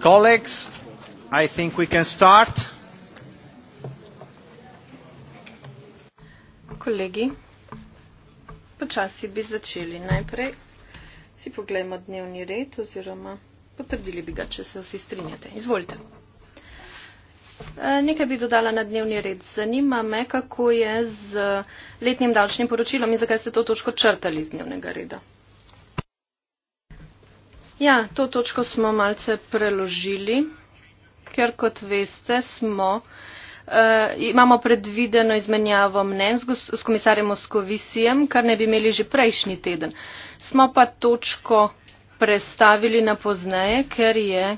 Colleagues, I think we can start. Kolegi, počasi bi začeli. Najprej si poglejmo dnevni red oziroma potrdili bi ga, če se vsi strinjate. Izvolite. Eh, nekaj bi dodala na dnevni red. Zanima me, kako je z letnim davčnim poročilom in zakaj ste to točko črtali z dnevnega reda. Ja, to točko smo malce preložili, ker kot veste, smo, uh, imamo predvideno izmenjavo mnen s, s komisarjem Moskovisijem, kar ne bi imeli že prejšnji teden. Smo pa točko prestavili na pozneje, ker je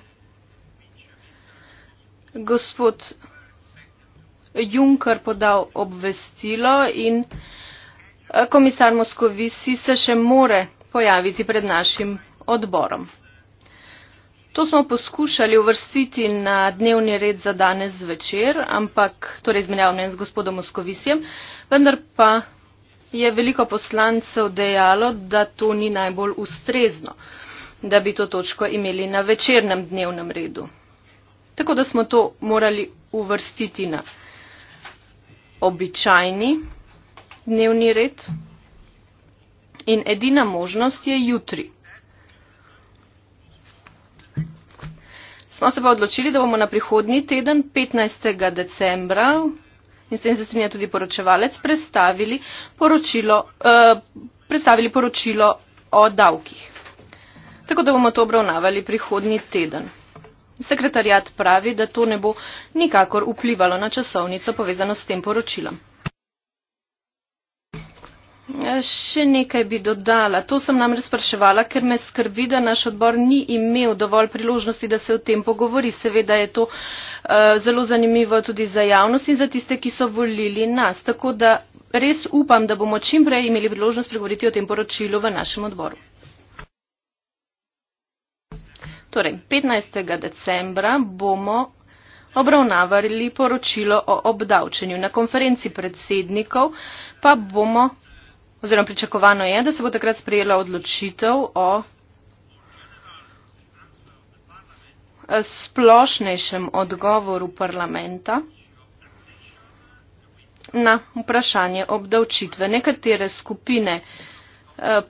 gospod Juncker podal obvestilo in eh, komisar Moskovisi se še more pojaviti pred našim odborom. To smo poskušali uvrstiti na dnevni red za danes večer, ampak torej izmenjavam mnen z gospodom Moskovisjem, vendar pa je veliko poslancev dejalo, da to ni najbolj ustrezno, da bi to točko imeli na večernem dnevnem redu. Tako da smo to morali uvrstiti na običajni dnevni red in edina možnost je jutri. Smo se pa odločili, da bomo na prihodnji teden, 15. decembra, in s tem se strinja tudi poročevalec, predstavili poročilo, eh, predstavili poročilo o davkih. Tako da bomo to obravnavali prihodnji teden. Sekretarjat pravi, da to ne bo nikakor vplivalo na časovnico povezano s tem poročilom. Še nekaj bi dodala. To sem namreč spraševala, ker me skrbi, da naš odbor ni imel dovolj priložnosti, da se o tem pogovori. Seveda je to uh, zelo zanimivo tudi za javnost in za tiste, ki so volili nas. Tako da res upam, da bomo čim prej imeli priložnost pregovoriti o tem poročilu v našem odboru. Torej, 15. decembra bomo obravnavali poročilo o obdavčenju. Na konferenci predsednikov pa bomo oziroma pričakovano je, da se bo takrat sprejela odločitev o eh, splošnejšem odgovoru parlamenta na vprašanje obdavčitve. Nekatere skupine eh,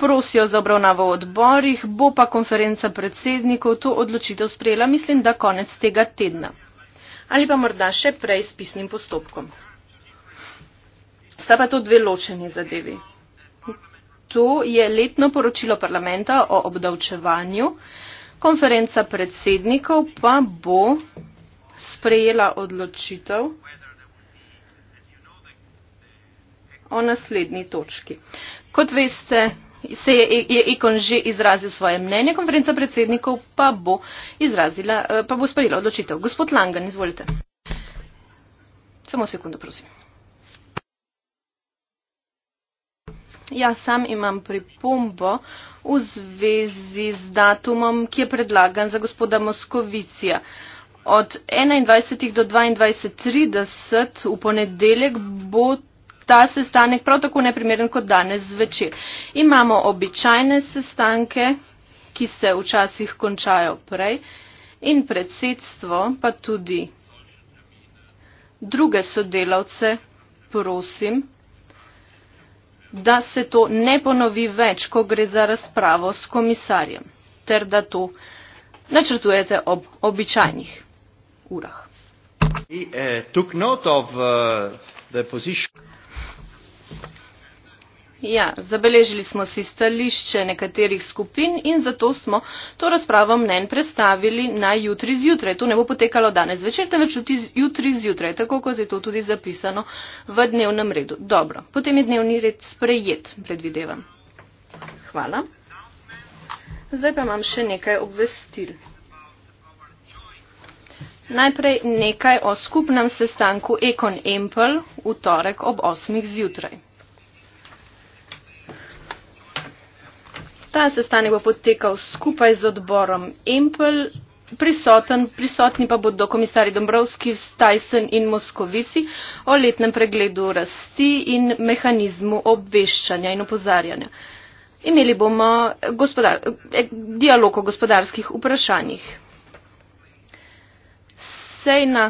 prosijo za obravnavo v odborih, bo pa konferenca predsednikov to odločitev sprejela, mislim, da konec tega tedna. Ali pa morda še prej s pisnim postopkom. Sta pa to dve ločeni zadevi. To je letno poročilo parlamenta o obdavčevanju, konferenca predsednikov pa bo sprejela odločitev o naslednji točki. Kot veste, se je, je Ekon že izrazil svoje mnenje, konferenca predsednikov pa bo, izrazila, eh, pa bo sprejela odločitev. Gospod Langan, izvolite. Samo sekundo, prosim. Ja, sam imam pripombo v zvezi z datumom, ki je predlagan za gospoda Moskovicija. Od 21. do 22.30 v ponedeljek bo ta sestanek prav tako neprimeren kot danes zvečer. Imamo običajne sestanke, ki se včasih končajo prej in predsedstvo pa tudi druge sodelavce, prosim da se to ne ponovi več, ko gre za razpravo s komisarjem, ter da to načrtujete ob običajnih urah. The, uh, eh, took note of, uh, the position. Ja, zabeležili smo si stališče nekaterih skupin in zato smo to razpravo mnen predstavili na jutri zjutraj. To ne bo potekalo danes večer, temveč jutri zjutraj, tako kot je to tudi zapisano v dnevnem redu. Dobro, potem je dnevni red sprejet, predvidevam. Hvala. Zdaj pa imam še nekaj obvestil. Najprej nekaj o skupnem sestanku Ekon Empel v torek ob 8. zjutraj. Ta sestanek bo potekal skupaj z odborom Empel, prisoten, prisotni pa bodo komisari Dombrovski, Stajsen in Moskovici o letnem pregledu rasti in mehanizmu obveščanja in opozarjanja. Imeli bomo gospodar, eh, dialog o gospodarskih vprašanjih. Sejna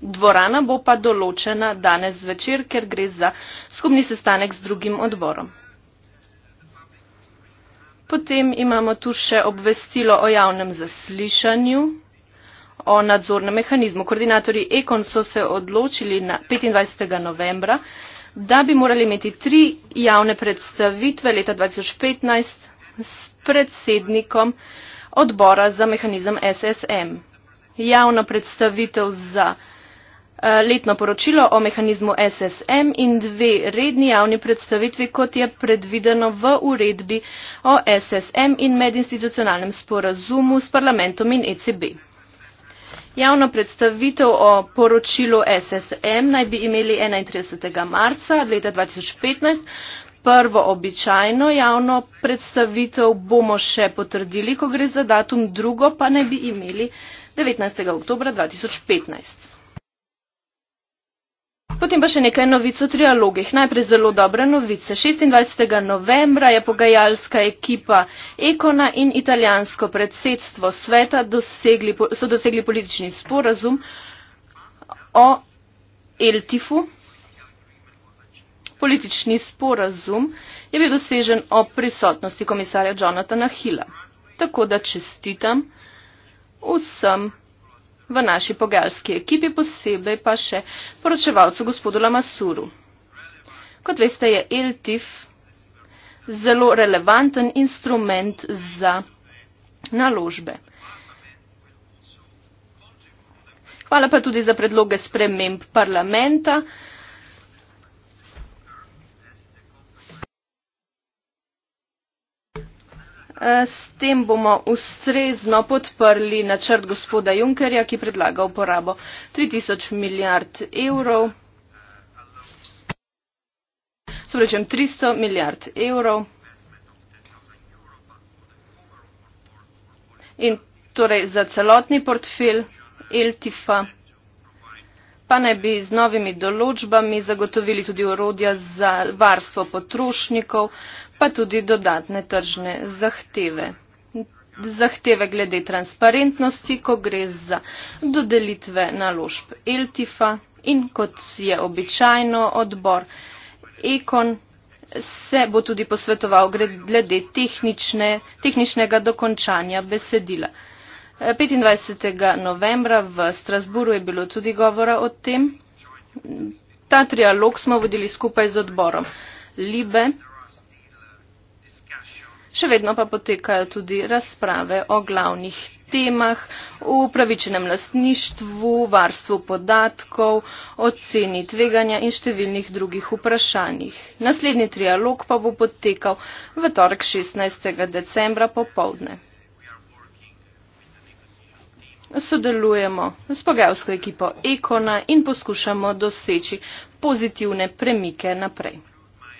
dvorana bo pa določena danes večer, ker gre za skupni sestanek z drugim odborom. Potem imamo tu še obvestilo o javnem zaslišanju, o nadzornem mehanizmu. Koordinatorji Ekon so se odločili na 25. novembra, da bi morali imeti tri javne predstavitve leta 2015 s predsednikom odbora za mehanizem SSM. Javno predstavitev za mehanizem. Eh, letno poročilo o mehanizmu SSM in dve redni javni predstavitvi, kot je predvideno v uredbi o SSM in medinstitucionalnem sporazumu s parlamentom in ECB. Javno predstavitev o poročilu SSM naj bi imeli 31. marca leta 2015. Prvo običajno javno predstavitev bomo še potrdili, ko gre za datum, drugo pa naj bi imeli 19. oktober 2015. Potem pa še nekaj novic o trialogih. Najprej zelo dobre novice. 26. novembra je pogajalska ekipa Ekona in italijansko predsedstvo sveta dosegli, so dosegli politični sporazum o Eltifu. Politični sporazum je bil dosežen o prisotnosti komisarja Jonathana Hilla. Tako da čestitam vsem v naši pogajalski ekipi, posebej pa še poročevalcu gospodu Lamasuru. Kot veste, je ELTIF zelo relevanten instrument za naložbe. Hvala pa tudi za predloge sprememb parlamenta. Eh, s tem bomo ustrezno podprli načrt gospoda Junkerja, ki predlaga uporabo 3000 milijard evrov. Sprečem 300 milijard evrov. In torej za celotni portfelj LTIFA pa naj bi z novimi določbami zagotovili tudi orodja za varstvo potrošnikov, pa tudi dodatne tržne zahteve. Zahteve glede transparentnosti, ko gre za dodelitve naložb ELTIFA in kot je običajno odbor EKON se bo tudi posvetoval glede tehnične, tehničnega dokončanja besedila petindvajset novembra v strasbourgu je bilo tudi govora o tem ta trialog smo vodili skupaj z odborom libe še vedno pa potekajo tudi razprave o glavnih temah o upravičenem lastništvu varstvu podatkov oceni tveganja in številnih drugih vprašanjih naslednji trialog pa bo potekal v torek šestnajst decembra popoldne sodelujemo s pogajalsko ekipo Ekona in poskušamo doseči pozitivne premike naprej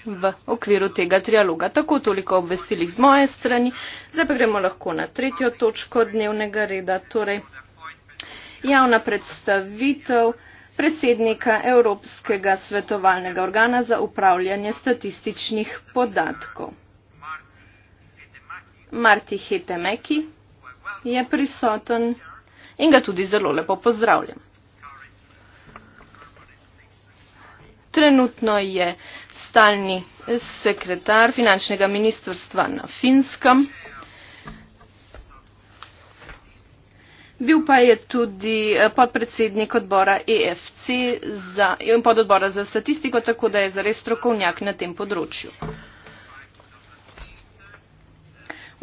v okviru tega trialoga. Tako toliko obvestilih z moje strani. Zdaj pa gremo lahko na tretjo točko dnevnega reda, torej javna predstavitev predsednika Evropskega svetovalnega organa za upravljanje statističnih podatkov. Marti Hetemeki je prisoten in ga tudi zelo lepo pozdravljam. Trenutno je stalni sekretar finančnega ministrstva na Finskem. Bil pa je tudi eh, podpredsednik odbora EFC za, pododbora za statistiko, tako da je zares strokovnjak na tem področju.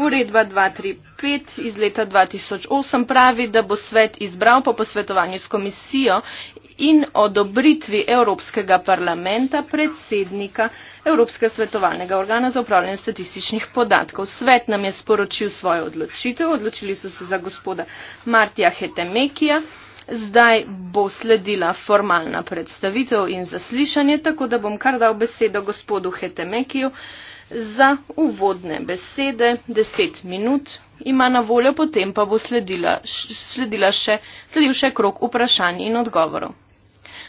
Uredba 235 iz leta 2008 pravi, da bo svet izbral po posvetovanju s komisijo in odobritvi Evropskega parlamenta predsednika Evropske svetovalnega organa za upravljanje statističnih podatkov. Svet nam je sporočil svojo odločitev, odločili so se za gospoda Martija Hetemekija. Zdaj bo sledila formalna predstavitev in zaslišanje, tako da bom kar dal besedo gospodu Hetemekiju. Uh, za uvodne besede 10 minut ima na voljo, potem pa bo sledila, še, sledil še krok vprašanj in odgovorov.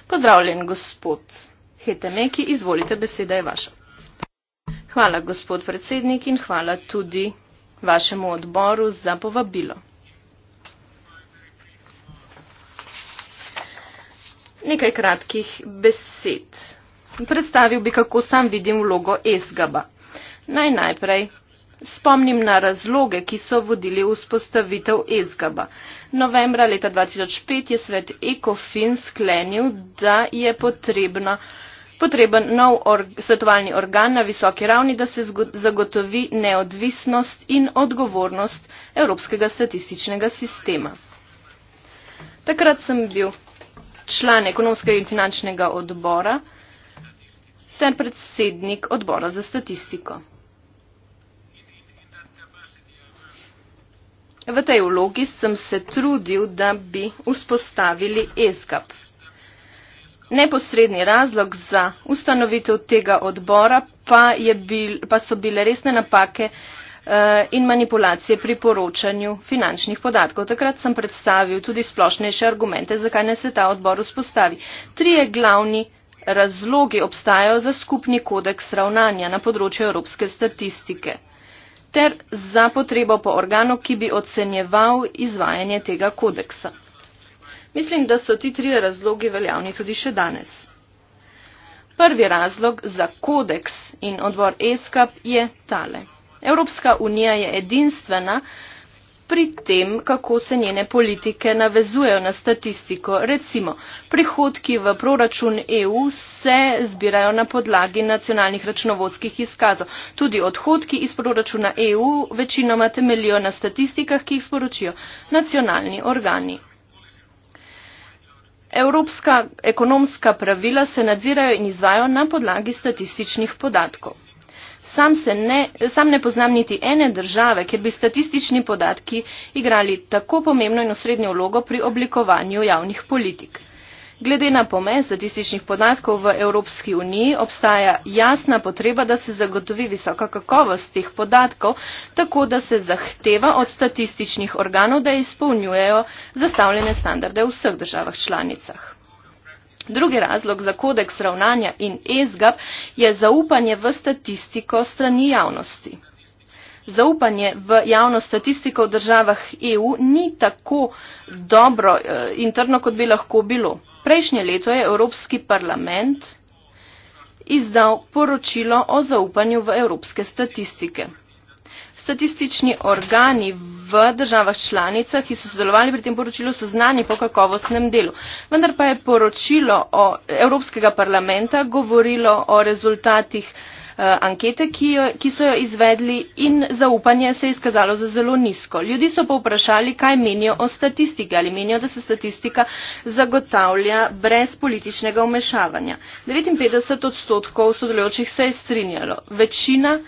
Pozdravljen, gospod Hetemeki, izvolite, beseda je vaša. Hvala, gospod predsednik, in hvala tudi vašemu odboru za povabilo. Nekaj kratkih besed. Predstavil bi, kako sam vidim vlogo ESGABA. Naj najprej spomnim na razloge, ki so vodili vzpostavitev ESGABA. Novembra leta 2005 je svet ECOFIN sklenil, da je potrebna Potreben nov or svetovalni organ na visoki ravni, da se zagotovi neodvisnost in odgovornost Evropskega statističnega sistema. Takrat sem bil član ekonomskega in finančnega odbora ter predsednik odbora za statistiko. V tej vlogi sem se trudil, da bi vzpostavili ESGAP. Neposredni razlog za ustanovitev tega odbora pa, je bil, pa so bile resne napake eh, in manipulacije pri poročanju finančnih podatkov. Takrat sem predstavil tudi splošnejše argumente, zakaj ne se ta odbor vzpostavi. Trije glavni razlogi obstajajo za skupni kodeks ravnanja na področju evropske statistike ter za potrebo po organu, ki bi ocenjeval izvajanje tega kodeksa. Mislim, da so ti tri razlogi veljavni tudi še danes. Prvi razlog za kodeks in odbor ESCAP je tale. Evropska unija je edinstvena pri tem, kako se njene politike navezujejo na statistiko. Recimo, prihodki v proračun EU se zbirajo na podlagi nacionalnih računovodskih izkazov. Tudi odhodki iz proračuna EU večinoma temelijo na statistikah, ki jih sporočijo nacionalni organi. Evropska ekonomska pravila se nadzirajo in izvajo na podlagi statističnih podatkov. Sam, se ne, sam ne poznam niti ene države, kjer bi statistični podatki igrali tako pomembno in osrednjo vlogo pri oblikovanju javnih politik. Glede na pomen statističnih podatkov v Evropski uniji obstaja jasna potreba, da se zagotovi visoka kakovost teh podatkov, tako da se zahteva od statističnih organov, da izpolnjujejo zastavljene standarde v vseh državah članicah. Drugi razlog za kodeks ravnanja in ESGAP je zaupanje v statistiko strani javnosti. Zaupanje v javno statistiko v državah EU ni tako dobro eh, interno, kot bi lahko bilo. Prejšnje leto je Evropski parlament izdal poročilo o zaupanju v evropske statistike. Statistični organi v v državah članicah, ki so sodelovali pri tem poročilu, so znani po kakovostnem delu. Vendar pa je poročilo Evropskega parlamenta govorilo o rezultatih eh, ankete, ki, jo, ki so jo izvedli in zaupanje se je izkazalo za zelo nizko. Ljudi so pa vprašali, kaj menijo o statistiki ali menijo, da se statistika zagotavlja brez političnega umešavanja. 59 odstotkov sodelujočih se je strinjalo. Večina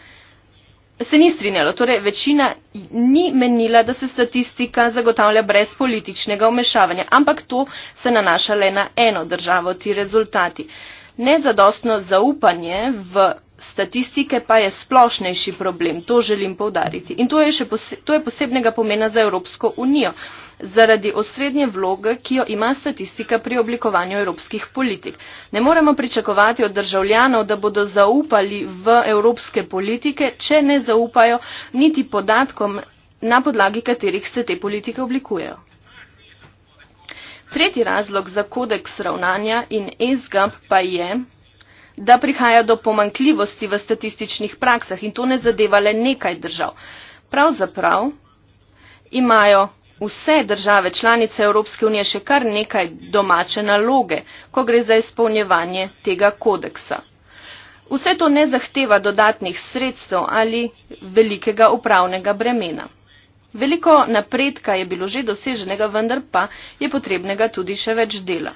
Se ni strinjalo, torej večina ni menila, da se statistika zagotavlja brez političnega omešavanja, ampak to se nanaša le na eno državo, ti rezultati. Nezadostno zaupanje v statistike pa je splošnejši problem, to želim povdariti. In to je, pose, to je posebnega pomena za Evropsko unijo, zaradi osrednje vloge, ki jo ima statistika pri oblikovanju evropskih politik. Ne moremo pričakovati od državljanov, da bodo zaupali v evropske politike, če ne zaupajo niti podatkom, na podlagi katerih se te politike oblikujejo. Tretji razlog za kodeks ravnanja in ESGAP pa je, da prihaja do pomankljivosti v statističnih praksah in to ne zadeva le nekaj držav. Pravzaprav imajo vse države članice Evropske unije še kar nekaj domače naloge, ko gre za izpolnjevanje tega kodeksa. Vse to ne zahteva dodatnih sredstev ali velikega upravnega bremena. Veliko napredka je bilo že doseženega, vendar pa je potrebnega tudi še več dela.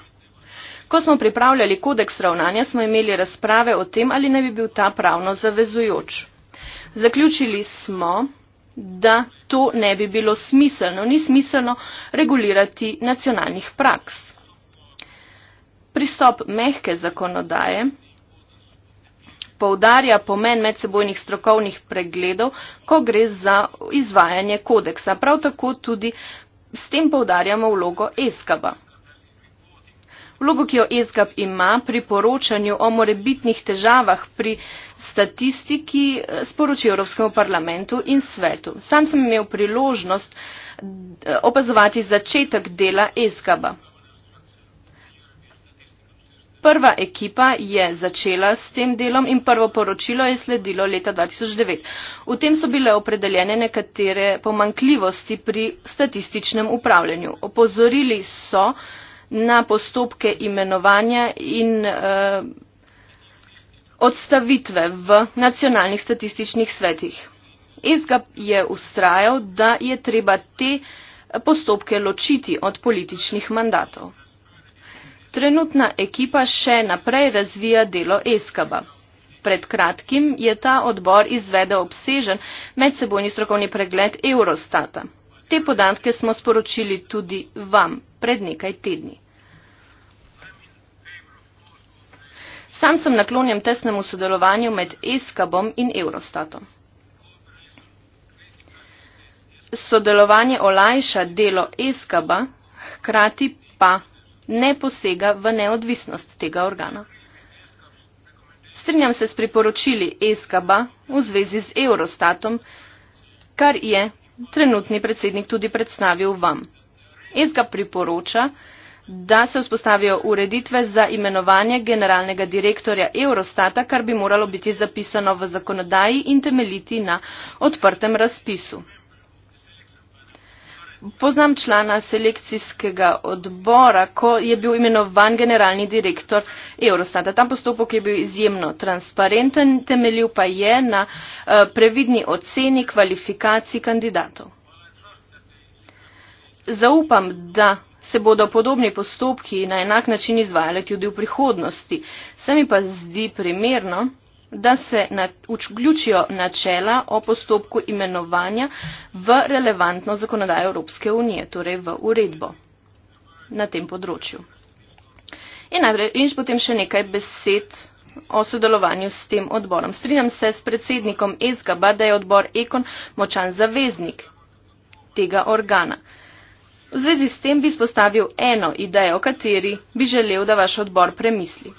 Ko smo pripravljali kodeks ravnanja, smo imeli razprave o tem, ali ne bi bil ta pravno zavezujoč. Zaključili smo, da to ne bi bilo smiselno, ni smiselno regulirati nacionalnih praks. Pristop mehke zakonodaje poudarja pomen medsebojnih strokovnih pregledov, ko gre za izvajanje kodeksa. Prav tako tudi s tem poudarjamo vlogo ESKABA. Vlogo, ki jo ESGAP ima pri poročanju o morebitnih težavah pri statistiki, eh, sporoči Evropskemu parlamentu in svetu. Sam sem imel priložnost eh, opazovati začetek dela ESGAP-a. Prva ekipa je začela s tem delom in prvo poročilo je sledilo leta 2009. V tem so bile opredeljene nekatere pomankljivosti pri statističnem upravljanju. Opozorili so, na postopke imenovanja in uh, odstavitve v nacionalnih statističnih svetih. ESGA je ustrajal, da je treba te postopke ločiti od političnih mandatov. Trenutna ekipa še naprej razvija delo ESKABA. Pred kratkim je ta odbor izvedel obsežen medsebojni strokovni pregled Eurostata. Te podatke smo sporočili tudi vam pred nekaj tedni. Sam sem naklonjen tesnemu sodelovanju med ESCABom in Eurostatom. Sodelovanje olajša delo ESCABA, hkrati pa ne posega v neodvisnost tega organa. Strinjam se s priporočili ESCABA v zvezi z Eurostatom, kar je trenutni predsednik tudi predstavil vam. ESGA priporoča, da se vzpostavijo ureditve za imenovanje generalnega direktorja Eurostata, kar bi moralo biti zapisano v zakonodaji in temeljiti na odprtem razpisu. Poznam člana selekcijskega odbora, ko je bil imenovan generalni direktor Eurostata. Tam postopek je bil izjemno transparenten, temeljil pa je na eh, previdni oceni kvalifikacij kandidatov. Zaupam, da se bodo podobni postopki na enak način izvajali tudi v prihodnosti. Se mi pa zdi primerno, da se vključijo načela o postopku imenovanja v relevantno zakonodajo Evropske unije, torej v uredbo na tem področju. In, in potem še nekaj besed o sodelovanju s tem odborom. Strinjam se s predsednikom ESGABA, da je odbor Ekon močan zaveznik tega organa. V zvezi s tem bi spostavil eno idejo, o kateri bi želel, da vaš odbor premisli.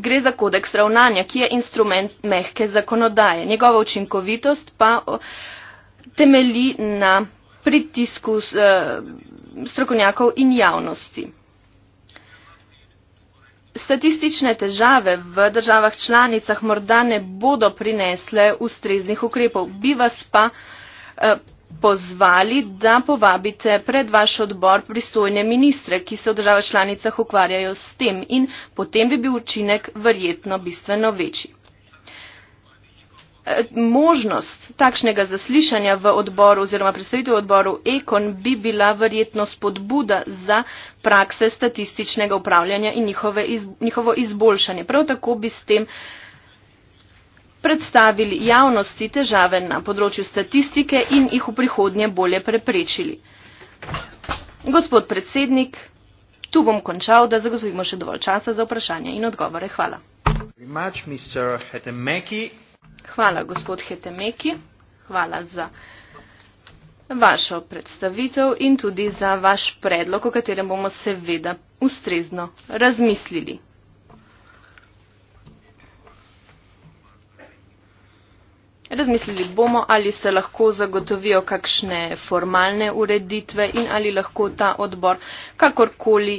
Gre za kodeks ravnanja, ki je instrument mehke zakonodaje. Njegova učinkovitost pa temeli na pritisku e, strokovnjakov in javnosti. Statistične težave v državah članicah morda ne bodo prinesle ustreznih ukrepov, bi vas pa e, pozvali, da povabite pred vaš odbor pristojne ministre, ki se v državah članicah ukvarjajo s tem in potem bi bil učinek verjetno bistveno večji. E, možnost takšnega zaslišanja v odboru oziroma predstavitev odboru Ekon bi bila verjetno spodbuda za prakse statističnega upravljanja in njihovo izboljšanje. Prav tako bi s tem uh, predstavili javnosti težave na področju statistike in jih v prihodnje bolje preprečili. Gospod predsednik, tu bom končal, da zagotovimo še dovolj časa za vprašanje in odgovore. Hvala. Hvala, gospod Hetemeki. Hvala za vašo predstavitev in tudi za vaš predlog, o katerem bomo seveda ustrezno razmislili. Razmislili bomo, ali se lahko zagotovijo kakšne formalne ureditve in ali lahko ta odbor kakorkoli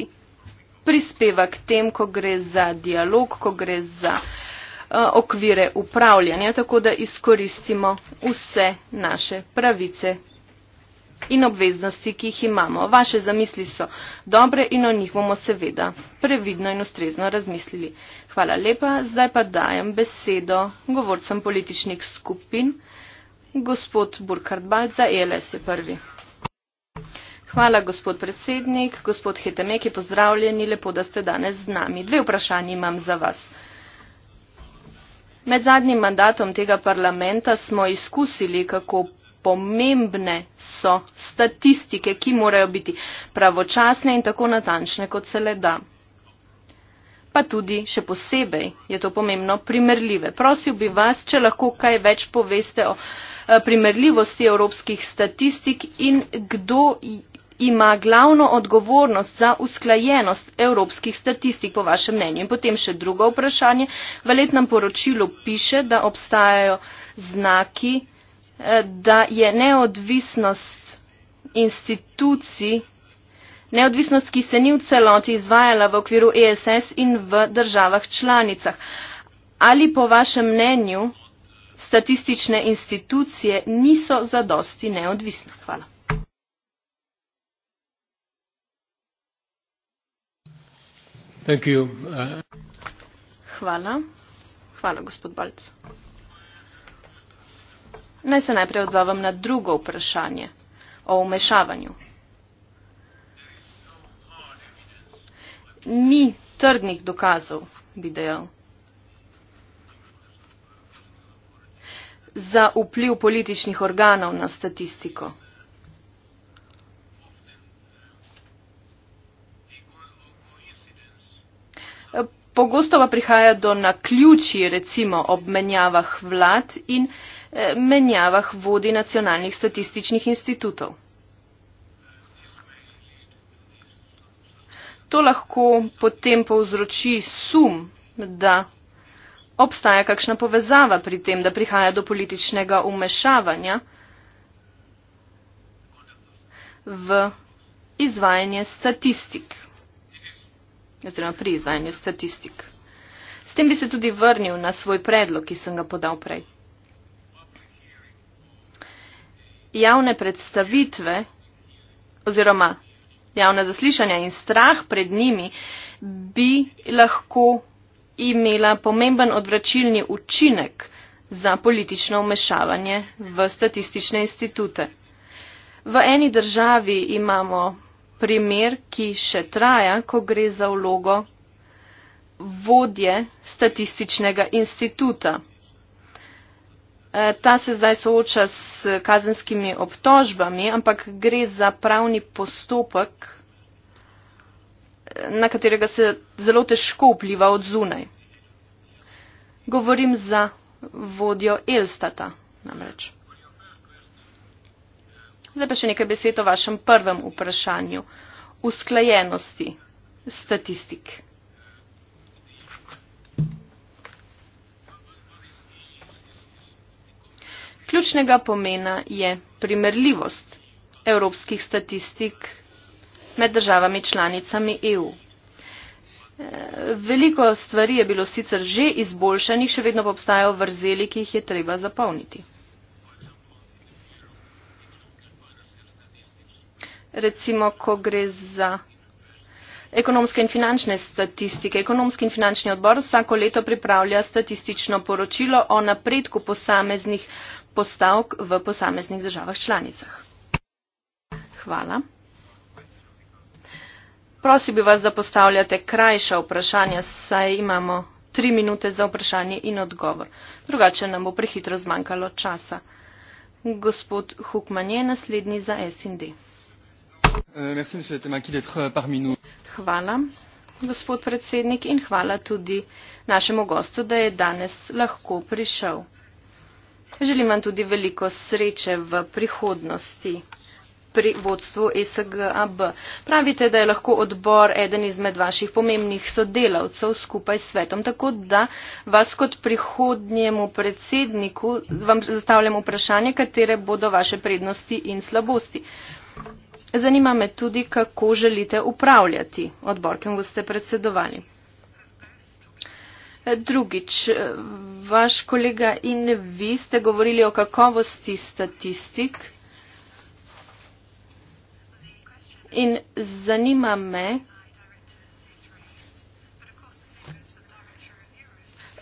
prispeva k tem, ko gre za dialog, ko gre za eh, okvire upravljanja, tako da izkoristimo vse naše pravice, in obveznosti, ki jih imamo. Vaše zamisli so dobre in o njih bomo seveda previdno in ustrezno razmislili. Hvala lepa. Zdaj pa dajem besedo govorcem političnih skupin. Gospod Burkhard Balc za ELS je prvi. Hvala, gospod predsednik. Gospod Hetemek je pozdravljeni. Lepo, da ste danes z nami. Dve vprašanje imam za vas. Med zadnjim mandatom tega parlamenta smo izkusili, kako pomembne so statistike, ki morajo biti pravočasne in tako natančne, kot se le da. Pa tudi še posebej je to pomembno primerljive. Prosil bi vas, če lahko kaj več poveste o eh, primerljivosti evropskih statistik in kdo ima glavno odgovornost za usklajenost evropskih statistik, po vašem mnenju. In potem še drugo vprašanje. V letnem poročilu piše, da obstajajo znaki da je neodvisnost institucij, neodvisnost, ki se ni v celoti izvajala v okviru ESS in v državah članicah. Ali po vašem mnenju statistične institucije niso zadosti neodvisne? Hvala. Hvala. Hvala, gospod Balc. Naj se najprej odzovem na drugo vprašanje o umešavanju. Ni trdnih dokazov, bi dejal. za vpliv političnih organov na statistiko. Pogosto pa prihaja do naključji, recimo, obmenjavah vlad in Eh, menjavah vodi nacionalnih statističnih institutov. To lahko potem povzroči sum, da obstaja kakšna povezava pri tem, da prihaja do političnega umešavanja v izvajanje statistik. Oziroma pri izvajanju statistik. S tem bi se tudi vrnil na svoj predlog, ki sem ga podal prej. javne predstavitve oziroma javne zaslišanja in strah pred njimi bi lahko imela pomemben odvračilni učinek za politično umešavanje v statistične institute. V eni državi imamo primer, ki še traja, ko gre za vlogo vodje statističnega instituta. Eh, ta se zdaj sooča s kazenskimi obtožbami, ampak gre za pravni postopek, eh, na katerega se zelo težko vpliva od zunaj. Govorim za vodjo Elstata namreč. Zdaj pa še nekaj besed o vašem prvem vprašanju. Usklajenosti statistik. Ključnega pomena je primerljivost evropskih statistik med državami članicami EU. Eh, veliko stvari je bilo sicer že izboljšanih, še vedno pa obstajajo vrzeli, ki jih je treba zapolniti. Recimo, ko gre za ekonomske in finančne statistike. Ekonomski in finančni odbor vsako leto pripravlja statistično poročilo o napredku posameznih postavk v posameznih državah članicah. Hvala. Prosil bi vas, da postavljate krajša vprašanja, saj imamo tri minute za vprašanje in odgovor. Drugače nam bo prehitro zmanjkalo časa. Gospod Hukman je naslednji za SND. Euh, Hvala, gospod predsednik, in hvala tudi našemu gostu, da je danes lahko prišel. Želim vam tudi veliko sreče v prihodnosti pri vodstvu SGAB. Pravite, da je lahko odbor eden izmed vaših pomembnih sodelavcev skupaj s svetom, tako da vas kot prihodnjemu predsedniku vam zastavljam vprašanje, katere bodo vaše prednosti in slabosti. Zanima me tudi, kako želite upravljati odbor, ki boste predsedovali. E, drugič, e, vaš kolega in vi ste govorili o kakovosti statistik in zanima me,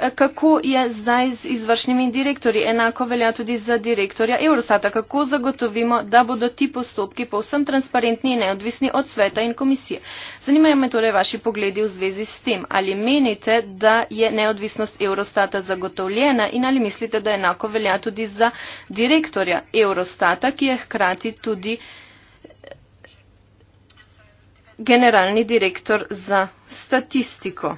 kako je zdaj z izvršnimi direktorji, enako velja tudi za direktorja Eurostata, kako zagotovimo, da bodo ti postopki povsem transparentni in neodvisni od sveta in komisije. Zanimajo me torej vaši pogledi v zvezi s tem, ali menite, da je neodvisnost Eurostata zagotovljena in ali mislite, da enako velja tudi za direktorja Eurostata, ki je hkrati tudi eh, generalni direktor za statistiko.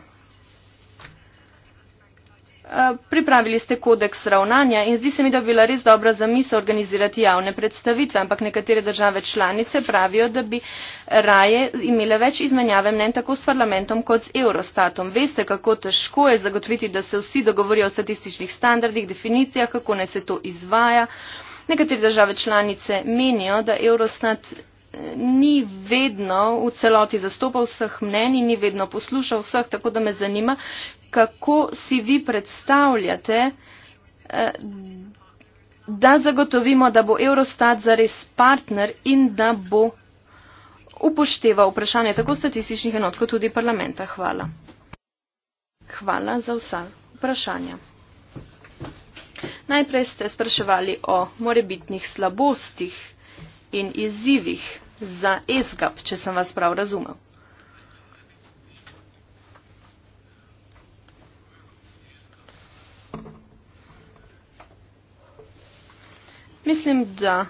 Eh, pripravili ste kodeks ravnanja in zdi se mi, da bi bila res dobra zamisel organizirati javne predstavitve, ampak nekatere države članice pravijo, da bi raje imele več izmenjave mnen tako s parlamentom kot s Eurostatom. Veste, kako težko je zagotoviti, da se vsi dogovorijo o statističnih standardih, definicijah, kako naj se to izvaja. Nekatere države članice menijo, da Eurostat eh, ni vedno v celoti zastopal vseh mnen in ni vedno poslušal vseh, tako da me zanima, kako si vi predstavljate, eh, da zagotovimo, da bo Eurostat zares partner in da bo upošteval vprašanje tako statističnih enot, kot tudi parlamenta. Hvala. Hvala za vsa vprašanja. Najprej ste spraševali o morebitnih slabostih in izzivih za ESGAP, če sem vas prav razumel. Mislim, da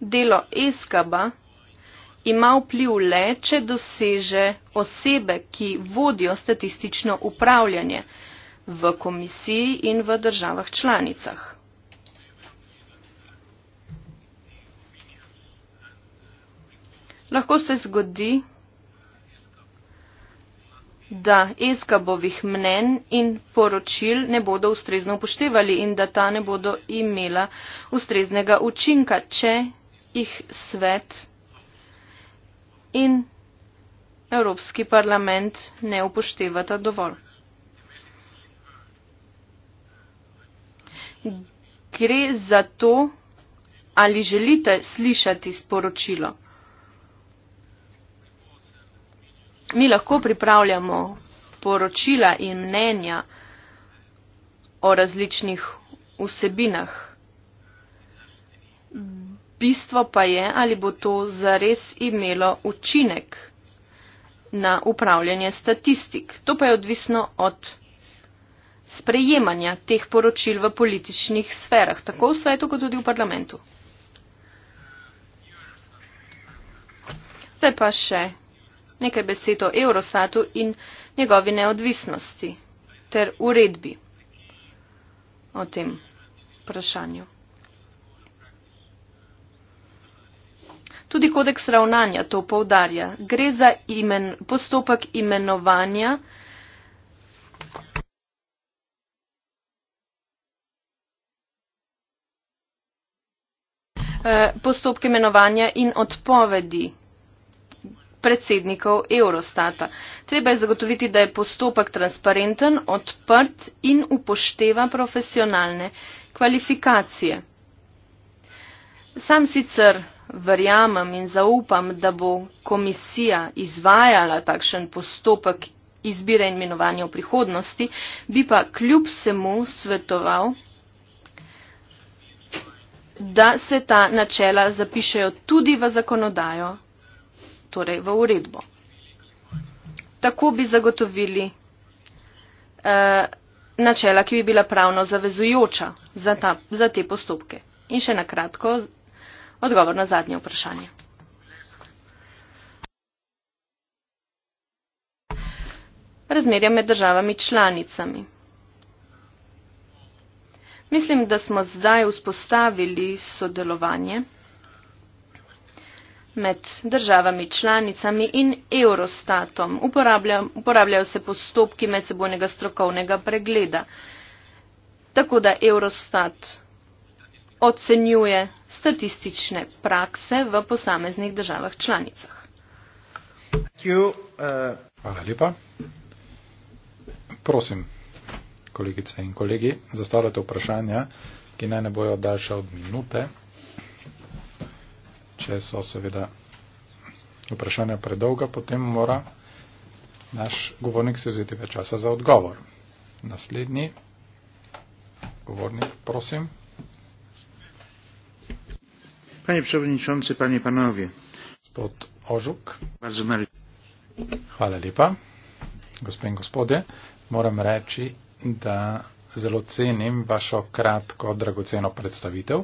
delo eskaba ima vpliv le, če doseže osebe, ki vodijo statistično upravljanje v komisiji in v državah članicah. Lahko se zgodi, da ESKABovih mnen in poročil ne bodo ustrezno upoštevali in da ta ne bodo imela ustreznega učinka, če jih svet in Evropski parlament ne upoštevata dovolj. Gre za to, ali želite slišati sporočilo. mi lahko pripravljamo poročila in mnenja o različnih vsebinah. Bistvo pa je, ali bo to zares imelo učinek na upravljanje statistik. To pa je odvisno od sprejemanja teh poročil v političnih sferah, tako v svetu, kot tudi v parlamentu. Zdaj pa še nekaj besed o Eurostatu in njegovi neodvisnosti ter uredbi o tem vprašanju. Tudi kodeks ravnanja to povdarja. Gre za imen, postopek imenovanja. Eh, postopke imenovanja in odpovedi predsednikov Eurostata. Treba je zagotoviti, da je postopek transparenten, odprt in upošteva profesionalne kvalifikacije. Sam sicer verjamem in zaupam, da bo komisija izvajala takšen postopek izbire in imenovanja v prihodnosti, bi pa kljub semu svetoval, da se ta načela zapišejo tudi v zakonodajo torej v uredbo. Tako bi zagotovili eh, načela, ki bi bila pravno zavezujoča za, ta, za te postopke. In še na kratko odgovor na zadnje vprašanje. Razmerja med državami članicami. Mislim, da smo zdaj vzpostavili sodelovanje med državami članicami in Eurostatom. Uporablja, uporabljajo se postopki medsebojnega strokovnega pregleda. Tako da Eurostat ocenjuje statistične prakse v posameznih državah članicah. Uh, Hvala lepa. Prosim, kolegice in kolegi, zastavljate vprašanja, ki naj ne bojo daljša od minute če so seveda vprašanja predolga, potem mora naš govornik se vzeti več časa za odgovor. Naslednji govornik, prosim. Panie przewodniczący, panie panowie. Gospod Ožuk. Bardzo Hvala lepa. Gospod in gospode, moram reči, da zelo cenim vašo kratko, dragoceno predstavitev,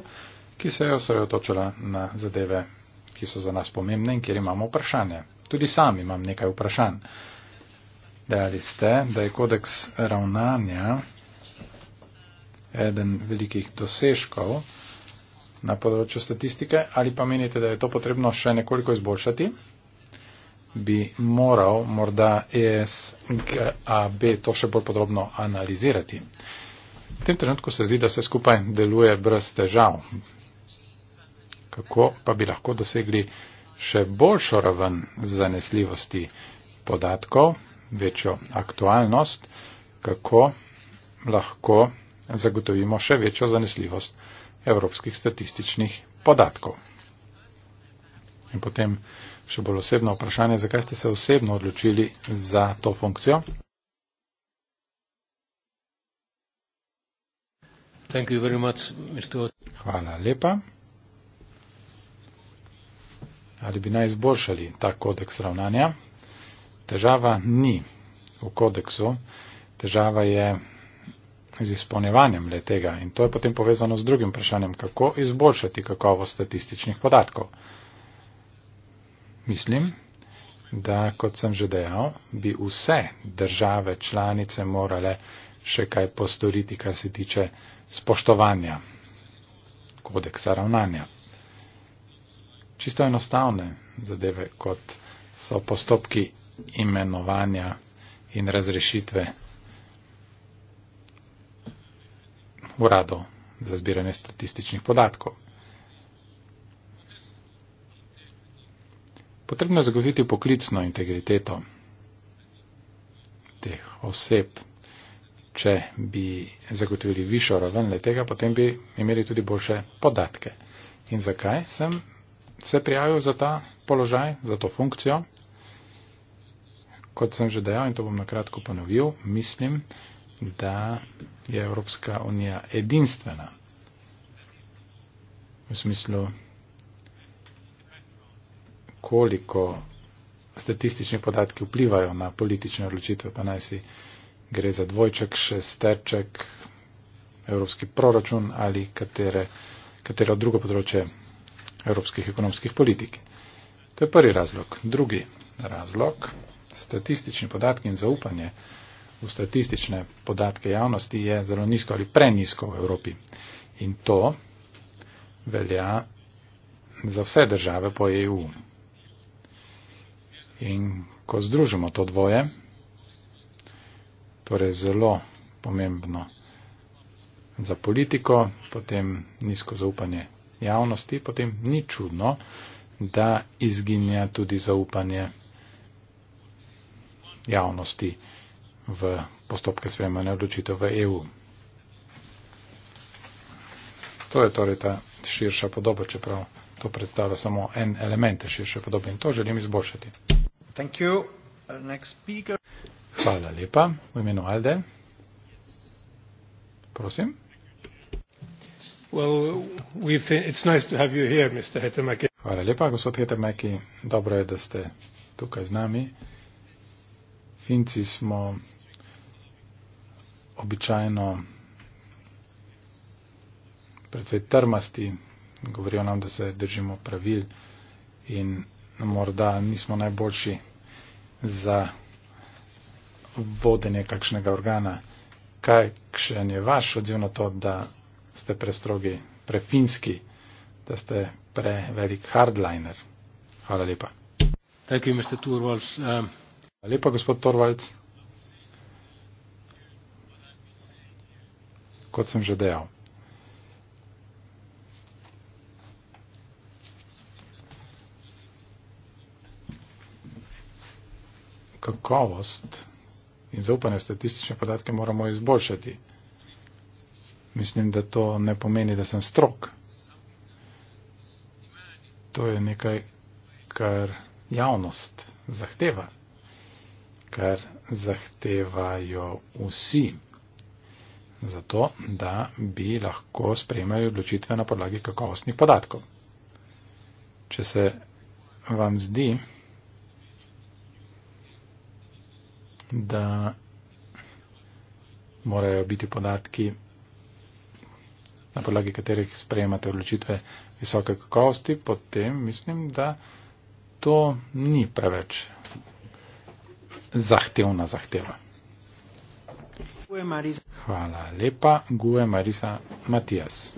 ki se je osredotočila na zadeve ki so za nas pomembne in kjer imamo vprašanje. Tudi sam imam nekaj vprašanj. Dejali ste, da je kodeks ravnanja eden velikih dosežkov na področju statistike, ali pa menite, da je to potrebno še nekoliko izboljšati? Bi moral morda ESGAB to še bolj podrobno analizirati. V tem trenutku se zdi, da se skupaj deluje brez težav kako pa bi lahko dosegli še boljšo raven zanesljivosti podatkov, večjo aktualnost, kako lahko zagotovimo še večjo zanesljivost evropskih statističnih podatkov. In potem še bolj osebno vprašanje, zakaj ste se osebno odločili za to funkcijo? Hvala lepa ali bi naj izboljšali ta kodeks ravnanja. Težava ni v kodeksu, težava je z izpolnjevanjem le tega in to je potem povezano z drugim vprašanjem, kako izboljšati kakovost statističnih podatkov. Mislim, da kot sem že dejal, bi vse države članice morale še kaj postoriti, kar se tiče spoštovanja kodeksa ravnanja čisto enostavne zadeve, kot so postopki imenovanja in razrešitve uradov za zbiranje statističnih podatkov. Potrebno je zagoviti poklicno integriteto teh oseb. Če bi zagotovili višjo raven letega, potem bi imeli tudi boljše podatke. In zakaj sem se prijavil za ta položaj, za to funkcijo. Kot sem že dejal in to bom na kratko ponovil, mislim, da je Evropska unija edinstvena v smislu, koliko statistični podatki vplivajo na politične odločitve, pa naj si gre za dvojček, šesterček, evropski proračun ali katere, katero drugo področje evropskih ekonomskih politik. To je prvi razlog. Drugi razlog, statistični podatki in zaupanje v statistične podatke javnosti je zelo nizko ali prenisko v Evropi. In to velja za vse države po EU. In ko združimo to dvoje, torej zelo pomembno za politiko, potem nizko zaupanje javnosti, potem ni čudno, da izginja tudi zaupanje javnosti v postopke spremljanja odločitev v EU. To je torej ta širša podoba, čeprav to predstavlja samo en element širše podobe in to želim izboljšati. Thank you. Next speaker. Hvala lepa. V imenu Alde. Prosim. Hvala lepa, gospod Hetemeki. Dobro je, da ste tukaj z nami. Finci smo običajno precej trmasti, govorijo nam, da se držimo pravil in morda nismo najboljši za vodenje kakšnega organa. Kaj še je vaš odziv na to, da ste prestrogi, prefinski, da ste prevelik hardliner. Hvala lepa. Thank you, Mr. Torvalds. Um, Hvala lepa, gospod Torvalds. Kot sem že dejal. Kakovost in zaupanje v statistične podatke moramo izboljšati. Mislim, da to ne pomeni, da sem strok. To je nekaj, kar javnost zahteva, kar zahtevajo vsi, zato da bi lahko sprejemali odločitve na podlagi kakovostnih podatkov. Če se vam zdi, da morajo biti podatki na podlagi katerih sprejemate odločitve visoke kakovosti, potem mislim, da to ni preveč zahtevna zahteva. Hvala lepa, Gue Marisa Matijas.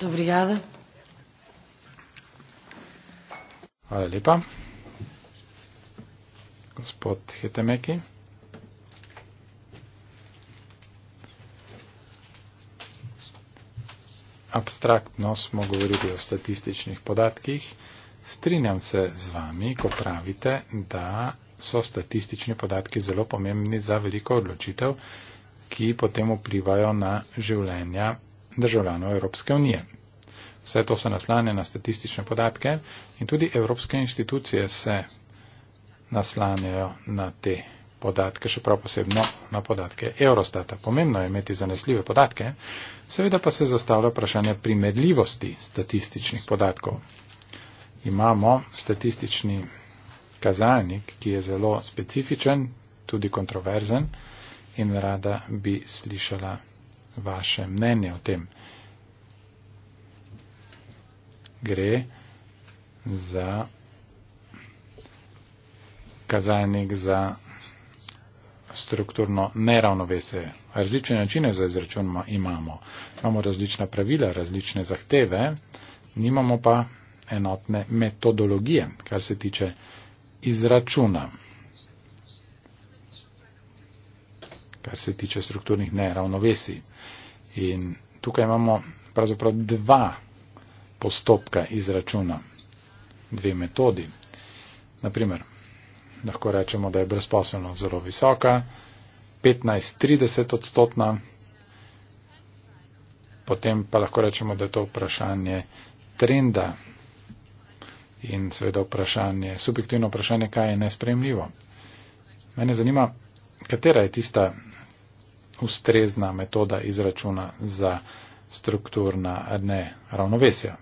Dobrijada. Hvala lepa. Gospod Hetemeki. abstraktno smo govorili o statističnih podatkih. Strinjam se z vami, ko pravite, da so statistični podatki zelo pomembni za veliko odločitev, ki potem vplivajo na življenja državljanov Evropske unije. Vse to se naslanja na statistične podatke in tudi evropske inštitucije se naslanjajo na te podatke, še prav posebno na podatke Eurostata. Pomembno je imeti zanesljive podatke, seveda pa se zastavlja vprašanje primedljivosti statističnih podatkov. Imamo statistični kazalnik, ki je zelo specifičen, tudi kontroverzen in rada bi slišala vaše mnenje o tem. Gre za kazalnik za strukturno neravnovese. Različne načine za izračun imamo. Imamo različna pravila, različne zahteve, nimamo pa enotne metodologije, kar se tiče izračuna. kar se tiče strukturnih neravnovesij. In tukaj imamo pravzaprav dva postopka izračuna, dve metodi. Naprimer, lahko rečemo, da je brezposelnost zelo visoka, 15-30 odstotna, potem pa lahko rečemo, da je to vprašanje trenda in seveda vprašanje, subjektivno vprašanje, kaj je nespremljivo. Mene zanima, katera je tista ustrezna metoda izračuna za strukturna ne, ravnovesja.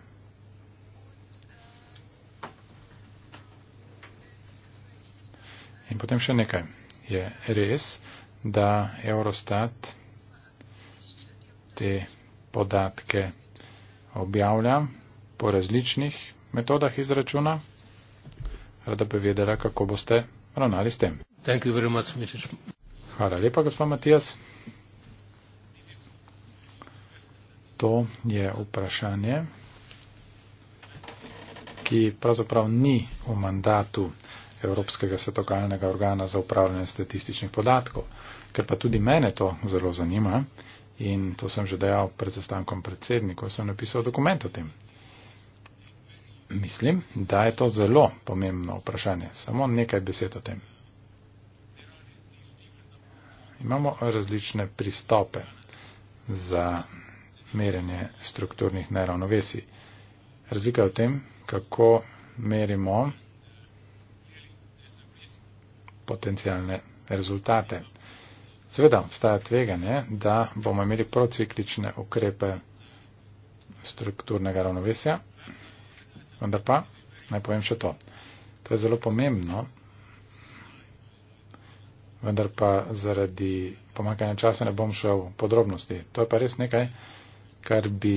In potem še nekaj. Je res, da Eurostat te podatke objavlja po različnih metodah izračuna. Rada bi vedela, kako boste ravnali s tem. Hvala lepa, gospod Matijas. To je vprašanje, ki pravzaprav ni v mandatu. Evropskega svetokalnega organa za upravljanje statističnih podatkov. Ker pa tudi mene to zelo zanima in to sem že dejal pred zastankom predsednikov, sem napisal dokument o tem. Mislim, da je to zelo pomembno vprašanje. Samo nekaj besed o tem. Imamo različne pristope za merjenje strukturnih neravnovesij. Razlika je v tem, kako merimo potencijalne rezultate. Seveda, obstaja tveganje, da bomo imeli prociklične ukrepe strukturnega ravnovesja, vendar pa naj povem še to. To je zelo pomembno, vendar pa zaradi pomankanja časa ne bom šel v podrobnosti. To je pa res nekaj, kar bi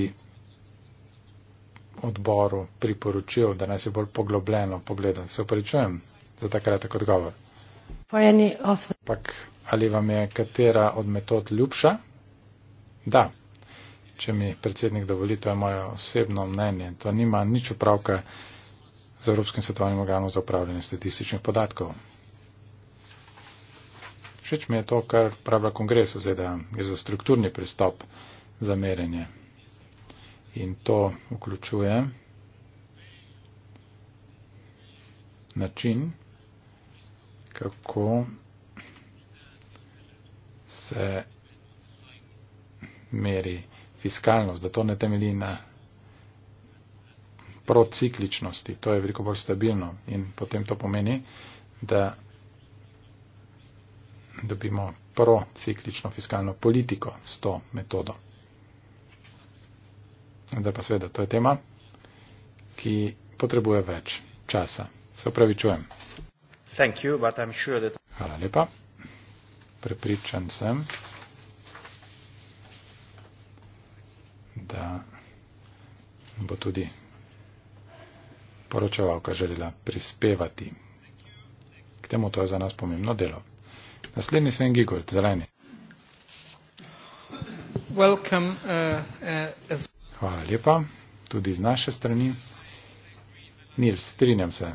odboru priporočil, da naj se bolj poglobljeno pogleda. Se upravičujem za takrat tako odgovor. Ampak ali vam je katera od metod ljubša? Da. Če mi predsednik dovoli, to je moje osebno mnenje. To nima nič upravka z Evropskim svetovnim organom za upravljanje statističnih podatkov. Všeč mi je to, kar pravlja kongres, oziroma da je za strukturni pristop za merjenje. In to vključuje način, kako se meri fiskalnost, da to ne temelji na procikličnosti, to je veliko bolj stabilno in potem to pomeni, da dobimo prociklično fiskalno politiko s to metodo. Da pa sveda, to je tema, ki potrebuje več časa. Se opravičujem. You, sure that... Hvala lepa. Prepričan sem, da bo tudi poročevalka želela prispevati k temu, to je za nas pomembno delo. Naslednji Sven Gigold, zeleni. Welcome, uh, uh, as... Hvala lepa, tudi z naše strani. Nils, strinjam se.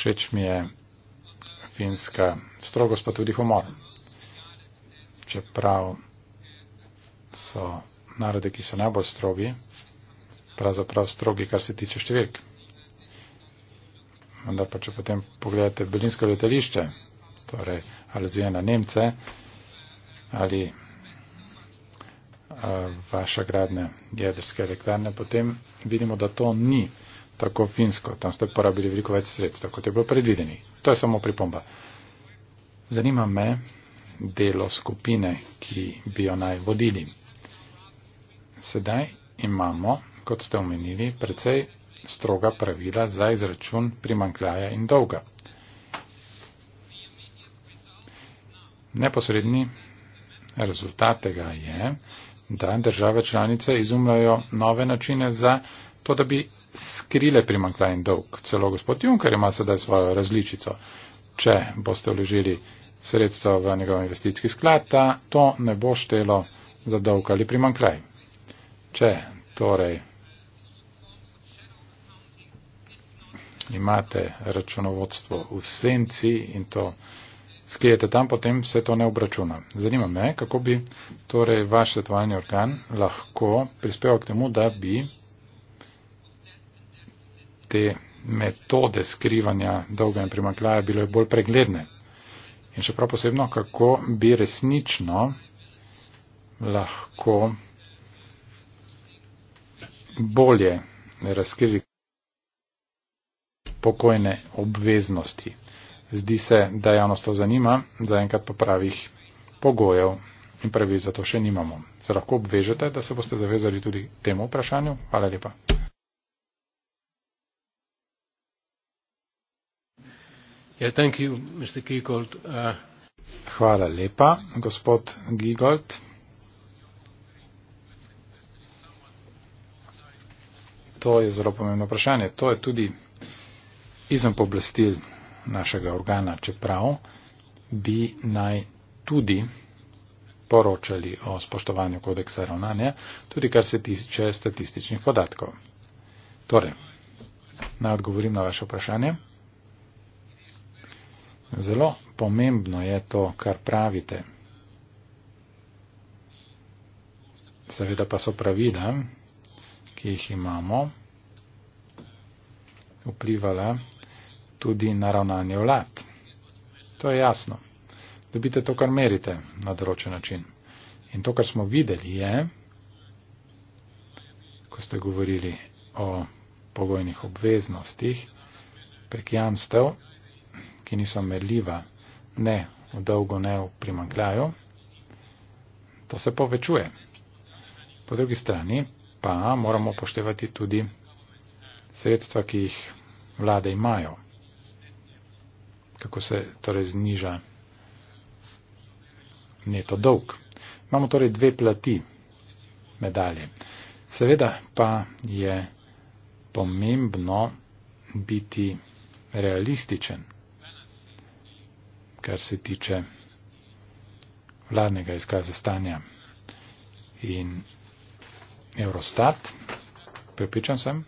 Všeč mi je finska strogost, pa tudi humor. Čeprav so narodi, ki so najbolj strogi, pravzaprav strogi, kar se tiče številk. Vendar pa, če potem pogledate berlinsko letališče, torej aluzije na Nemce ali eh, vaša gradne jedrske elektrarne, potem vidimo, da to ni tako finsko, tam ste porabili veliko več sredstev, kot je bilo predvideni. To je samo pripomba. Zanima me delo skupine, ki bi jo naj vodili. Sedaj imamo, kot ste omenili, precej stroga pravila za izračun primankljaja in dolga. Neposredni rezultat tega je, da države članice izumljajo nove načine za to, da bi skrile primankljaj in dolg. Celo gospod Juncker ima sedaj svojo različico. Če boste vložili sredstvo v njegov investicijski sklad, ta to ne bo štelo za dolg ali primankljaj. Če torej imate računovodstvo v senci in to skrijete tam, potem se to ne obračuna. Zanima me, kako bi torej vaš svetovalni organ lahko prispeval k temu, da bi te metode skrivanja dolga in primakljaja bilo bolj pregledne. In še prav posebno, kako bi resnično lahko bolje razkrili pokojne obveznosti. Zdi se, da javnost to zanima, zaenkrat pa pravih pogojev in pravi za to še nimamo. Se lahko obvežete, da se boste zavezali tudi temu vprašanju? Hvala lepa. Uh, Hvala lepa, gospod Giegold. To je zelo pomembno vprašanje. To je tudi izven poblastil našega organa, čeprav bi naj tudi poročali o spoštovanju kodeksa ravnanja, tudi kar se tiče statističnih podatkov. Torej, naj odgovorim na vaše vprašanje. Zelo pomembno je to, kar pravite. Seveda pa so pravila, ki jih imamo, vplivala tudi na ravnanje vlad. To je jasno. Dobite to, kar merite na določen način. In to, kar smo videli, je, ko ste govorili o pogojnih obveznostih prek jamstev, ki niso merljiva, ne v dolgo, ne v primankljaju, to se povečuje. Po drugi strani pa moramo poštevati tudi sredstva, ki jih vlade imajo, kako se torej zniža neto dolg. Imamo torej dve plati medalje. Seveda pa je pomembno biti realističen kar se tiče vladnega izkaza stanja in Eurostat, pripričan sem,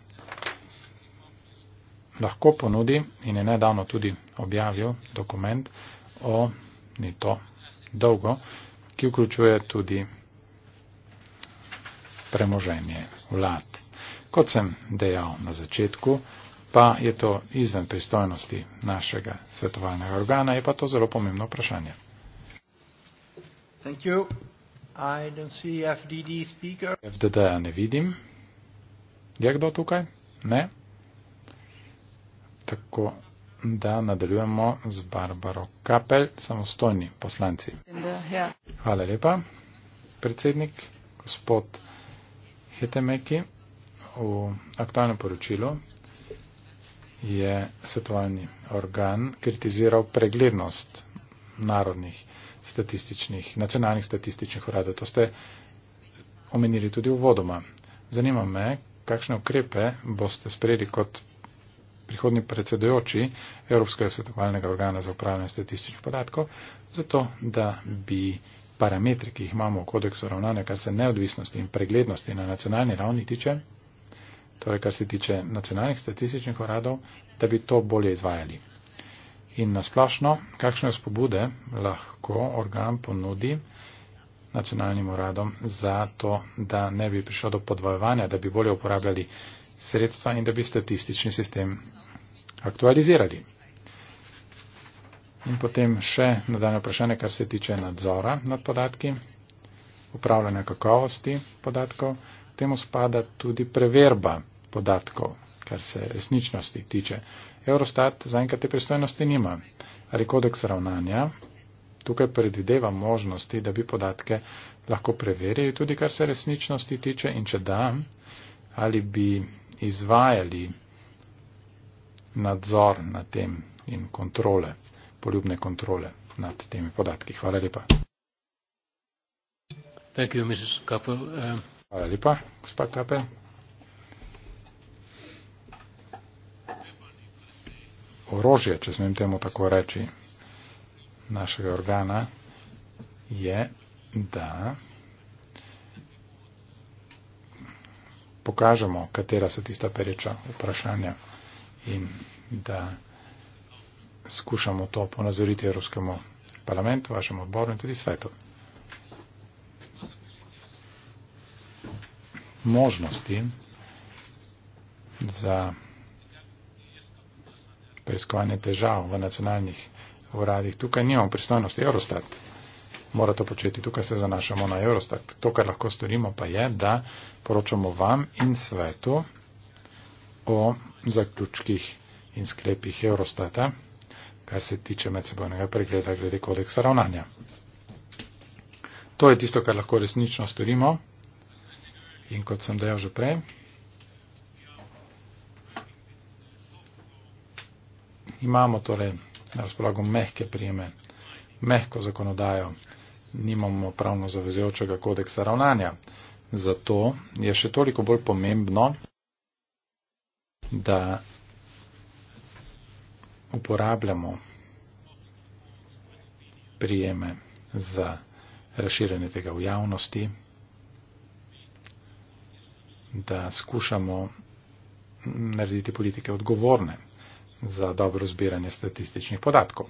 lahko ponudi in je nedavno tudi objavil dokument o ni to dolgo, ki vključuje tudi premoženje vlad. Kot sem dejal na začetku, pa je to izven pristojnosti našega svetovalnega organa, je pa to zelo pomembno vprašanje. FDD, FDD ne vidim. Je kdo tukaj? Ne. Tako da nadaljujemo z Barbaro Kapel, samostojni poslanci. Hvala lepa, predsednik, gospod Hetemeki. V aktualnem poročilu je svetovalni organ kritiziral preglednost narodnih statističnih, nacionalnih statističnih uradov. To ste omenili tudi v vodoma. Zanima me, kakšne ukrepe boste sprejeli kot prihodni predsedojoči Evropskega svetovalnega organa za upravljanje statističnih podatkov, zato da bi parametri, ki jih imamo v kodeksu ravnanja, kar se neodvisnosti in preglednosti na nacionalni ravni tiče, torej kar se tiče nacionalnih statističnih uradov, da bi to bolje izvajali. In nasplošno, kakšne spobude lahko organ ponudi nacionalnim uradom za to, da ne bi prišlo do podvojevanja, da bi bolje uporabljali sredstva in da bi statistični sistem aktualizirali. In potem še nadaljne vprašanje, kar se tiče nadzora nad podatki, upravljanja kakovosti podatkov, temu spada tudi preverba podatkov, kar se resničnosti tiče. Eurostat zaenkrat te pristojnosti nima. Ali kodeks ravnanja tukaj predvideva možnosti, da bi podatke lahko preverili tudi, kar se resničnosti tiče in če da, ali bi izvajali nadzor nad tem in kontrole, poljubne kontrole nad temi podatki. Hvala lepa. Thank you, Mrs. Kappel. Uh... Hvala lepa, gospod Kappel. orožje, če smem temu tako reči, našega organa je, da pokažemo, katera so tista pereča vprašanja in da skušamo to ponazoriti Evropskemu parlamentu, vašemu odboru in tudi svetu. Možnosti za preiskovanje težav v nacionalnih uradih. Tukaj nimamo pristojnosti. Eurostat mora to početi. Tukaj se zanašamo na Eurostat. To, kar lahko storimo, pa je, da poročamo vam in svetu o zaključkih in sklepih Eurostata, kar se tiče medsebojnega pregleda glede kodeksa ravnanja. To je tisto, kar lahko resnično storimo. In kot sem dejal že prej, imamo torej na razpolago mehke prijeme, mehko zakonodajo, nimamo pravno zavezujočega kodeksa ravnanja. Zato je še toliko bolj pomembno, da uporabljamo prijeme za razširjanje tega v javnosti, da skušamo narediti politike odgovorne za dobro zbiranje statističnih podatkov.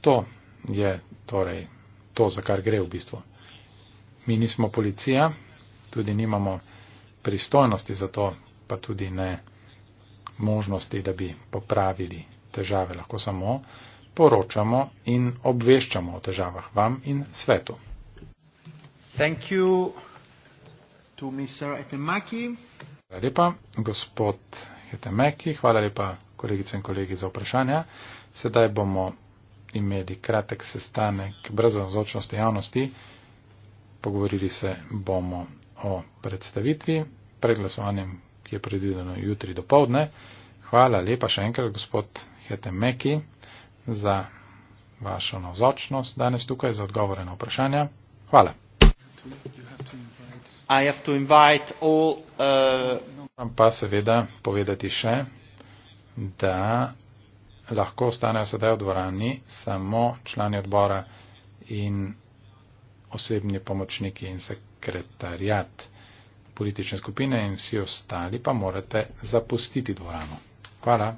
To je torej to, za kar gre v bistvu. Mi nismo policija, tudi nimamo pristojnosti za to, pa tudi ne možnosti, da bi popravili težave, lahko samo poročamo in obveščamo o težavah vam in svetu. Hvala lepa, gospod Hetemeki, hvala lepa kolegice in kolegi za vprašanja. Sedaj bomo imeli kratek sestanek brez ozočnosti javnosti. Pogovorili se bomo o predstavitvi pred glasovanjem, ki je predvideno jutri do povdne. Hvala lepa še enkrat, gospod Hete Meki, za vašo navzočnost danes tukaj, za odgovore na vprašanja. Hvala. Uh, Moram pa seveda povedati še, da lahko ostanejo sedaj v dvorani samo člani odbora in osebni pomočniki in sekretarjat politične skupine in vsi ostali pa morate zapustiti dvorano. Hvala.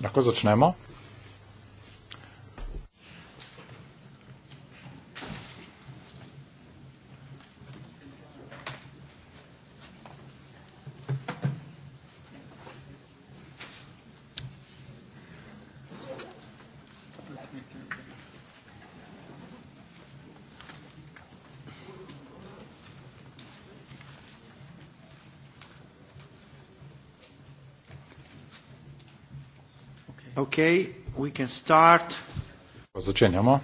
Lahko začnemo? Okay, we can start. Začenjamo.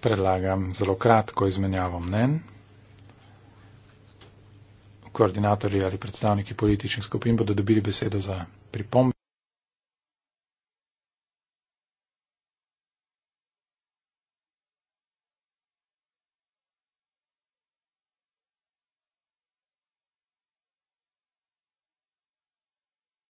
Predlagam zelo kratko izmenjavo mnen. Koordinatorji ali predstavniki političnih skupin bodo dobili besedo za pripombe.